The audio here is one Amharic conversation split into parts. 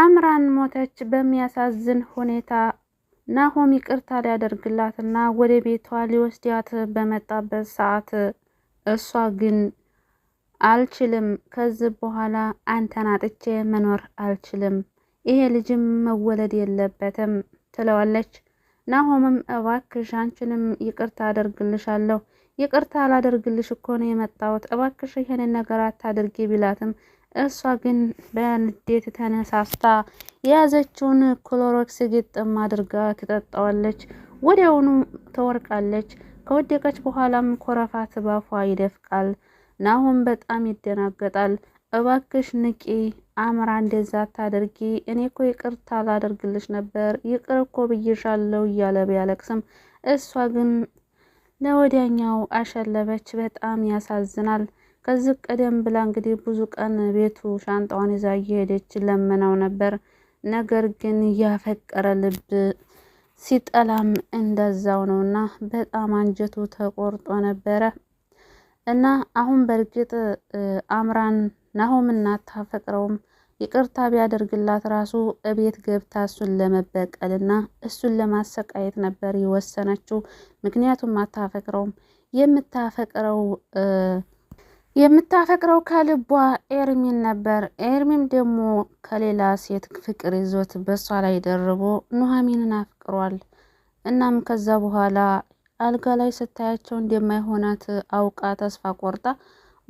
አምራን ሞተች። በሚያሳዝን ሁኔታ ናሆም ይቅርታ ሊያደርግላትና ወደ ቤቷ ሊወስዳት በመጣበት ሰዓት እሷ ግን አልችልም፣ ከዚህ በኋላ አንተን አጥቼ መኖር አልችልም፣ ይሄ ልጅም መወለድ የለበትም ትለዋለች። ናሆምም እባክሽ አንቺንም ይቅርታ አደርግልሻለሁ፣ ይቅርታ አላደርግልሽ እኮ ነው የመጣሁት፣ እባክሽ ይሄንን ነገር አታድርጊ ቢላትም እሷ ግን በንዴት ተነሳስታ የያዘችውን ክሎሮክስ ግጥም አድርጋ ትጠጣዋለች። ወዲያውኑ ትወርቃለች። ከወደቀች በኋላም ኮረፋት ባፏ ይደፍቃል። ናሁም በጣም ይደናገጣል። እባክሽ ንቂ፣ አምራ እንደዛ ታደርጊ። እኔ እኮ ይቅርታ ላደርግልሽ ነበር ይቅር እኮ ብይሻለው እያለ ቢያለቅስም እሷ ግን ለወዲያኛው አሸለበች። በጣም ያሳዝናል። ከዚህ ቀደም ብላ እንግዲህ ብዙ ቀን ቤቱ ሻንጣዋን ይዛ እየሄደች ለመናው ነበር። ነገር ግን ያፈቀረ ልብ ሲጠላም እንደዛው እና በጣም አንጀቱ ተቆርጦ ነበረ እና አሁን በእርግጥ አምራን ናሆምና አታፈቅረውም ይቅርታ ቢያደርግላት ራሱ እቤት ገብታ እሱን ለመበቀልና እሱን ለማሰቃየት ነበር የወሰነችው። ምክንያቱም አታፈቅረውም። የምታፈቅረው የምታፈቅረው ከልቧ ኤርሚን ነበር። ኤርሚም ደግሞ ከሌላ ሴት ፍቅር ይዞት በሷ ላይ ደርቦ ኑሐሚንን አፍቅሯል። እናም ከዛ በኋላ አልጋ ላይ ስታያቸው እንደማይሆናት አውቃ ተስፋ ቆርጣ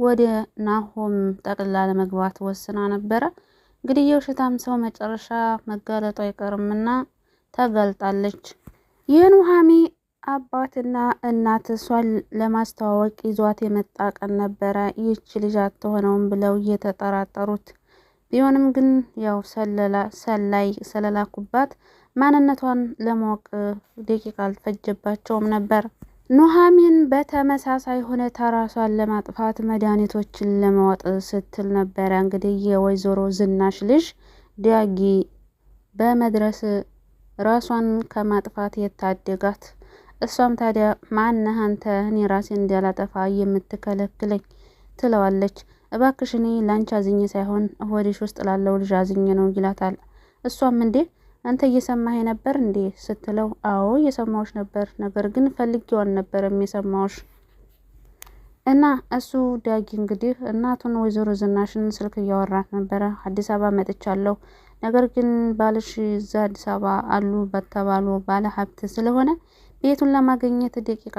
ወደ ናሆም ጠቅላ ለመግባት ወስና ነበረ። እንግዲህ የውሸታም ሰው መጨረሻ መጋለጡ አይቀርምና ተጋልጣለች። ይህን አባትና እናት እሷን ለማስተዋወቅ ይዟት የመጣ ቀን ነበረ። ይህች ልጅ አትሆነውም ብለው እየተጠራጠሩት ቢሆንም ግን ያው ሰለላ ሰላይ ስለላኩባት ማንነቷን ለማወቅ ደቂቃ አልፈጀባቸውም ነበር። ኑሐሚን በተመሳሳይ ሁኔታ ራሷን ለማጥፋት መድኃኒቶችን ለማወጥ ስትል ነበረ። እንግዲህ የወይዘሮ ዝናሽ ልጅ ዳጊ በመድረስ ራሷን ከማጥፋት የታደጋት እሷም ታዲያ ማነህ አንተ እኔ ራሴን እንዳላጠፋ የምትከለክለኝ ትለዋለች። እባክሽ እኔ ላንቺ አዝኜ ሳይሆን ወዲሽ ውስጥ ላለው ልጅ አዝኜ ነው ይላታል። እሷም እንዴ አንተ እየሰማህ ነበር እንዴ ስትለው አዎ እየሰማዎች ነበር፣ ነገር ግን ፈልጌው አልነበረም የሰማዎች እና እሱ ዳጊ እንግዲህ እናቱን ወይዘሮ ዝናሽን ስልክ እያወራት ነበረ። አዲስ አበባ መጥቻለሁ፣ ነገር ግን ባልሽ እዛ አዲስ አበባ አሉ በተባሉ ባለ ሀብት ስለሆነ ቤቱን ለማግኘት ደቂቃ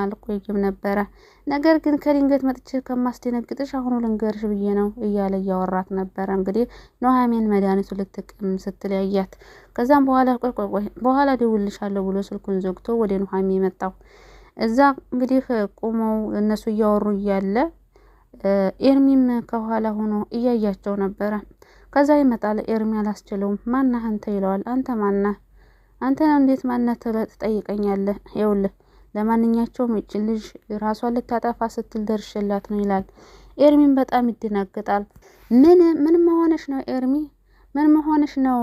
አልቆይም ነበረ። ነገር ግን ከድንገት መጥቼ ከማስደነግጥሽ አሁኑ ልንገርሽ ብዬ ነው እያለ እያወራት ነበረ። እንግዲህ ኑሐሚን መድኃኒቱ ልትቅም ስትለያያት፣ ከዛም በኋላ ቆይ ቆይ ቆይ በኋላ ደውልልሻለሁ ብሎ ስልኩን ዘግቶ ወደ ኑሐሚን መጣው። እዛ እንግዲህ ቁመው እነሱ እያወሩ እያለ ኤርሚም ከኋላ ሆኖ እያያቸው ነበረ። ከዛ ይመጣል ኤርሚ አላስችለውም። ማናህ አንተ ይለዋል። አንተ ማናህ አንተና እንዴት ማናት ትጠይቀኛለህ? ይኸውልህ ለማንኛቸውም እጭ ልጅ ራሷን ልታጠፋ ስትል ደርሽላት ነው ይላል። ኤርሚን በጣም ይደናገጣል። ምን ምን መሆነሽ ነው ኤርሚ? ምን መሆነሽ ነው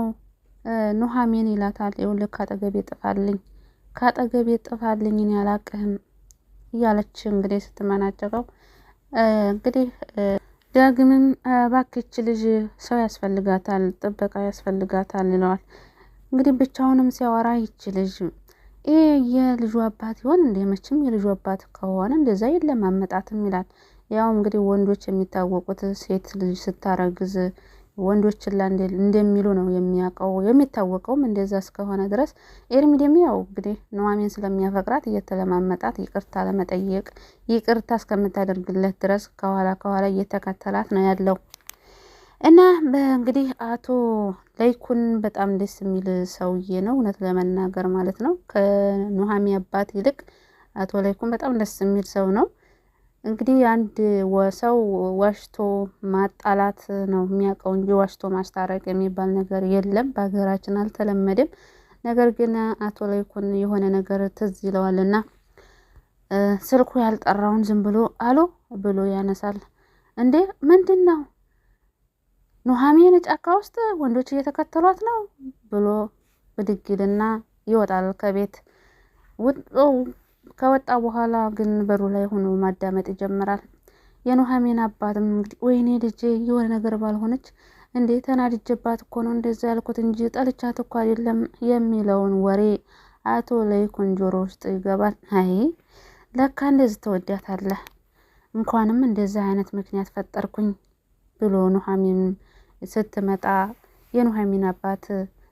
ኑሐሚን ይላታል። ይኸውልህ ካጠገቤ ጥፋልኝ፣ ካጠገቤ ጥፋልኝ፣ እኔ አላቅህም እያለች እንግዲህ ስትመናጨቀው እንግዲህ ዳግምም ባክች ልጅ ሰው ያስፈልጋታል፣ ጥበቃ ያስፈልጋታል ይለዋል። እንግዲህ ብቻውንም ሲያወራ ይች ልጅ ይሄ የልጁ አባት ይሆን እንዴ? መቼም የልጁ አባት ከሆነ እንደዛ የለማመጣትም ይላል። ያው እንግዲህ ወንዶች የሚታወቁት ሴት ልጅ ስታረግዝ ወንዶች ላ እንደሚሉ ነው የሚያውቀው የሚታወቀውም እንደዛ እስከሆነ ድረስ ኤርሚ ደግሞ ያው እንግዲህ ኑሐሚን ስለሚያፈቅራት እየተለማመጣት ይቅርታ ለመጠየቅ ይቅርታ እስከምታደርግለት ድረስ ከኋላ ከኋላ እየተከተላት ነው ያለው። እና እንግዲህ አቶ ላይኩን በጣም ደስ የሚል ሰውዬ ነው፣ እውነት ለመናገር ማለት ነው። ከኑሃሚ አባት ይልቅ አቶ ላይኩን በጣም ደስ የሚል ሰው ነው። እንግዲህ አንድ ሰው ዋሽቶ ማጣላት ነው የሚያውቀው እንጂ ዋሽቶ ማስታረቅ የሚባል ነገር የለም፣ በሀገራችን አልተለመደም። ነገር ግን አቶ ላይኩን የሆነ ነገር ትዝ ይለዋልና ስልኩ ያልጠራውን ዝም ብሎ አሎ ብሎ ያነሳል። እንዴ ምንድን ነው ኑሐሚን ጫካ ውስጥ ወንዶች እየተከተሏት ነው ብሎ ብድግልና ይወጣል ከቤት። ከወጣ በኋላ ግን በሩ ላይ ሆኖ ማዳመጥ ይጀምራል። የኑሐሚን አባትም እንግዲህ ወይኔ ልጄ የሆነ ነገር ባልሆነች እንዴ ተናድጄባት እኮ ነው እንደዚ ያልኩት እንጂ ጠልቻት እኮ አይደለም የሚለውን ወሬ አቶ ለይኩን ጆሮ ውስጥ ይገባል። አይ ለካ እንደዚህ ተወዳታለህ፣ እንኳንም እንደዚህ አይነት ምክንያት ፈጠርኩኝ ብሎ ኑሐሚን ስትመጣ የኑሐሚን አባት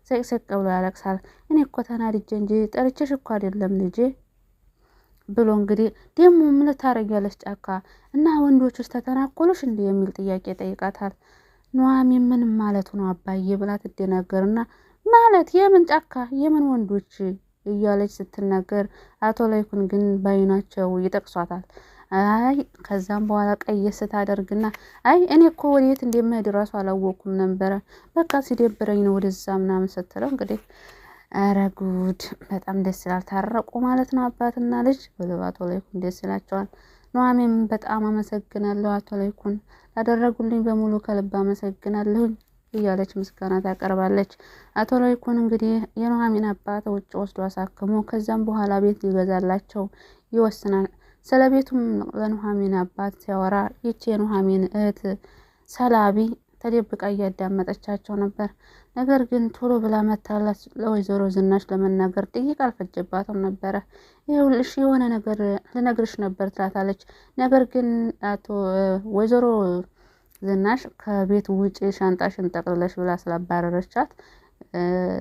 ሰቅሰቅ ብሎ ያለቅሳል። እኔ እኮ ተናድጄ እንጂ ጠርቼሽ እኮ አይደለም ልጄ ብሎ እንግዲህ ደግሞ ምን ታረጊያለሽ ጫካ እና ወንዶች ውስጥ ተተናኮሉሽ እንዲ የሚል ጥያቄ ጠይቃታል። ኑሐሚን ምን ማለቱ ነው አባዬ ብላ ትደነገርና ማለት የምን ጫካ የምን ወንዶች እያለች ስትነገር አቶ ላይኩን ግን ባይናቸው ይጠቅሷታል። አይ ከዛም በኋላ ቀየስ ስታደርግና አይ እኔ እኮ ወዴት እንደምሄድ ራሱ አላወኩም ነበረ። በቃ ሲደብረኝ ነው ወደዛ ምናምን ስትለው እንግዲህ ኧረ ጉድ በጣም ደስ ይላል። ታረቁ ማለት ነው አባትና ልጅ ብለው አቶ ላይኩን ደስ ይላቸዋል። ኑሐሚንም በጣም አመሰግናለሁ አቶ ላይኩን ላደረጉልኝ በሙሉ ከልብ አመሰግናለሁኝ እያለች ምስጋና ታቀርባለች። አቶ ላይኩን እንግዲህ የኑሐሚን አባት ውጭ ወስዶ አሳክሞ ከዛም በኋላ ቤት ሊገዛላቸው ይወስናል። ስለ ቤቱም ለኑሐሚን አባት ሲያወራ ይቺ የኑሐሚን እህት ሰላቢ ተደብቃ እያዳመጠቻቸው ነበር። ነገር ግን ቶሎ ብላ መታለች ለወይዘሮ ዝናሽ ለመናገር ጥይቅ አልፈጀባትም ነበረ። ይኸውልሽ የሆነ ነገር ልነግርሽ ነበር ትላታለች። ነገር ግን አቶ ወይዘሮ ዝናሽ ከቤት ውጪ ሻንጣሽን ጠቅልለሽ ብላ ስላባረረቻት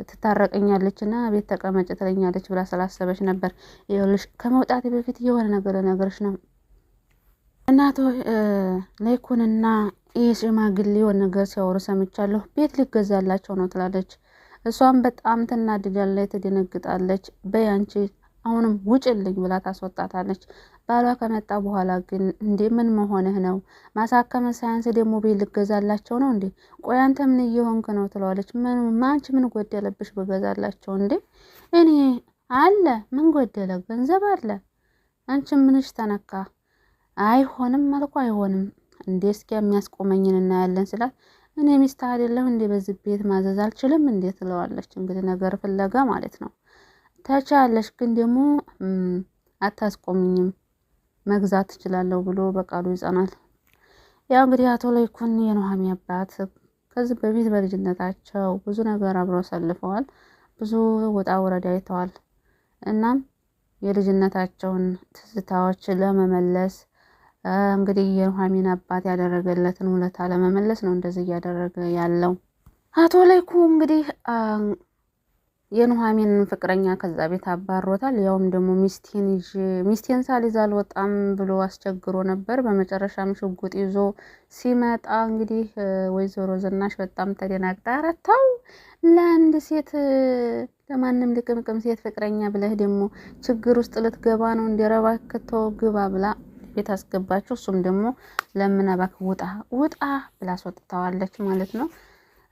ትታረቀኛለች እና ቤት ተቀመጭ ትለኛለች ብላ ስላሰበች ነበር። ይኸውልሽ ከመውጣቴ በፊት የሆነ ነገር ነገርሽ ነው እናቶ ላይኩንና ይህ ሽማግሌ የሆነ ነገር ሲያወሩ ሰምቻለሁ። ቤት ሊገዛላቸው ነው ትላለች። እሷም በጣም ትናድዳለች፣ ትደነግጣለች። በያንቺ አሁንም ውጭልኝ ብላ ታስወጣታለች። ባሏ ከመጣ በኋላ ግን እንዴ ምን መሆንህ ነው? ማሳከመ ሳያንስ ደግሞ ቤት ልገዛላቸው ነው እንዴ? ቆይ አንተ ምን እየሆንክ ነው ትለዋለች። ምን አንቺ ምን ጎደለብሽ ብገዛላቸው እንዴ? እኔ አለ ምን ጎደለ? ገንዘብ አለ። አንቺ ምንሽ ተነካ? አይሆንም አልኩ አይሆንም እንዴ እስኪ የሚያስቆመኝን እናያለን ስላት እኔ ሚስት እንዴ በዚህ ቤት ማዘዝ አልችልም እንዴ ትለዋለች። እንግዲህ ነገር ፍለጋ ማለት ነው ተቻለሽ ግን ደግሞ አታስቆምኝም መግዛት ትችላለሁ ብሎ በቃሉ ይጸናል። ያው እንግዲህ አቶ ላይኩን የኑሃሚ አባት ከዚህ በፊት በልጅነታቸው ብዙ ነገር አብረው አሳልፈዋል። ብዙ ውጣ ውረድ አይተዋል። እናም የልጅነታቸውን ትዝታዎች ለመመለስ እንግዲህ የኑሃሚን አባት ያደረገለትን ውለታ ለመመለስ ነው እንደዚህ እያደረገ ያለው አቶ ለይኩ እንግዲህ የኑሐሚንን ፍቅረኛ ከዛ ቤት አባሮታል። ያውም ደግሞ ሚስቴን ይዤ ሚስቴን ሳልይዝ አልወጣም ብሎ አስቸግሮ ነበር። በመጨረሻም ሽጉጥ ይዞ ሲመጣ እንግዲህ ወይዘሮ ዝናሽ በጣም ተደናግጣ ኧረ ተው ለአንድ ሴት ለማንም ልቅምቅም ሴት ፍቅረኛ ብለህ ደግሞ ችግር ውስጥ ልትገባ ነው እንዲረባክቶ ግባ ብላ ቤት አስገባቸው። እሱም ደግሞ ለምን እባክህ ውጣ ውጣ ብላ አስወጥተዋለች ማለት ነው።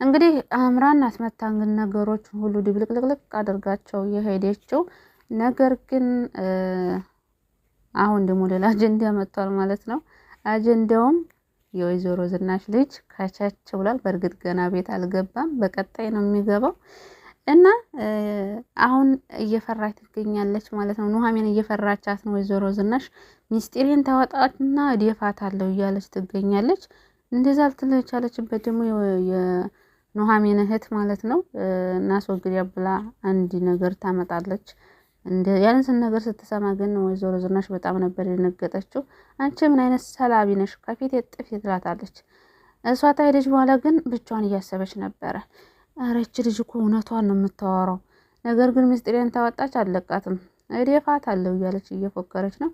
እንግዲህ አምራን አስመታን ግን ነገሮች ሁሉ ድብልቅልቅልቅ አድርጋቸው የሄደችው ነገር ግን አሁን ደግሞ ሌላ አጀንዳ መጥቷል ማለት ነው። አጀንዳውም የወይዘሮ ዝናሽ ልጅ ከቻች ብሏል። በእርግጥ ገና ቤት አልገባም፣ በቀጣይ ነው የሚገባው እና አሁን እየፈራች ትገኛለች ማለት ነው። ኑሐሚን እየፈራቻት ነው። ወይዘሮ ዝናሽ ሚስጢሬን ታወጣትና እደፋታለሁ እያለች ትገኛለች። እንደዛ ልትል የቻለችበት ደግሞ ኑሐሚን እህት ማለት ነው እናስወግድ ብላ አንድ ነገር ታመጣለች። ያንስን ነገር ስትሰማ ግን ወይዘሮ ዝናሽ በጣም ነበር የነገጠችው። አንቺ ምን አይነት ሰላቢ ነሽ? ከፊት የጥፍ ትላታለች። እሷ ታሄደች በኋላ ግን ብቻዋን እያሰበች ነበረ። ረች ልጅ እኮ እውነቷን ነው የምታወራው፣ ነገር ግን ምስጢሬን ታወጣች አለቃትም አለው እያለች እየፎከረች ነው።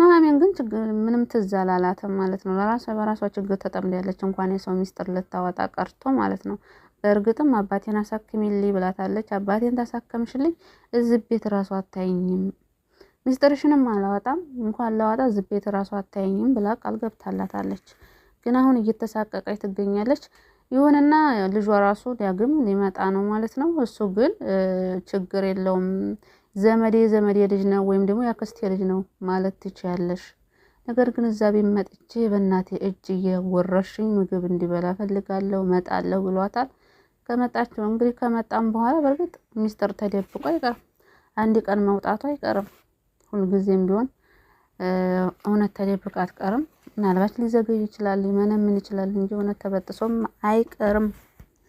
ኑሐሚን ግን ችግር ምንም ትዝ አላላትም ማለት ነው። ለራሷ በራሷ ችግር ተጠምዳለች። እንኳን የሰው ሚስጥር ልታወጣ ቀርቶ ማለት ነው። በእርግጥም አባቴን አሳክሚልኝ ብላታለች። አባቴን ታሳከምሽልኝ እዚህ ቤት ራሱ አታይኝም፣ ሚስጥርሽንም አላወጣም እንኳን ላወጣ እዚህ ቤት ራሱ አታይኝም ብላ ቃል ገብታላታለች። ግን አሁን እየተሳቀቀች ትገኛለች። ይሁንና ልጇ ራሱ ዳግም ሊመጣ ነው ማለት ነው። እሱ ግን ችግር የለውም ዘመዴ ዘመዴ ልጅ ነው ወይም ደግሞ ያክስቴ ልጅ ነው ማለት ትችያለሽ። ነገር ግን እዛ ቤት መጥቼ በእናቴ እጅ እየወረሽኝ ምግብ እንዲበላ ፈልጋለሁ መጣለሁ ብሏታል። ከመጣችው እንግዲህ ከመጣም በኋላ በእርግጥ ሚስጥር ተደብቆ አይቀርም፣ አንድ ቀን መውጣቱ አይቀርም። ሁልጊዜም ቢሆን እውነት ተደብቃ አትቀርም። ምናልባት ሊዘገይ ይችላል፣ ሊመነምን ይችላል እንጂ እውነት ተበጥሶም አይቀርም።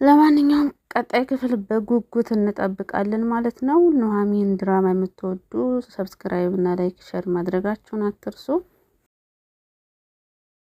ለማንኛውም ቀጣይ ክፍል በጉጉት እንጠብቃለን ማለት ነው። ኑሐሚን ድራማ የምትወዱ ሰብስክራይብ እና ላይክ ሸር ማድረጋችሁን አትርሱ።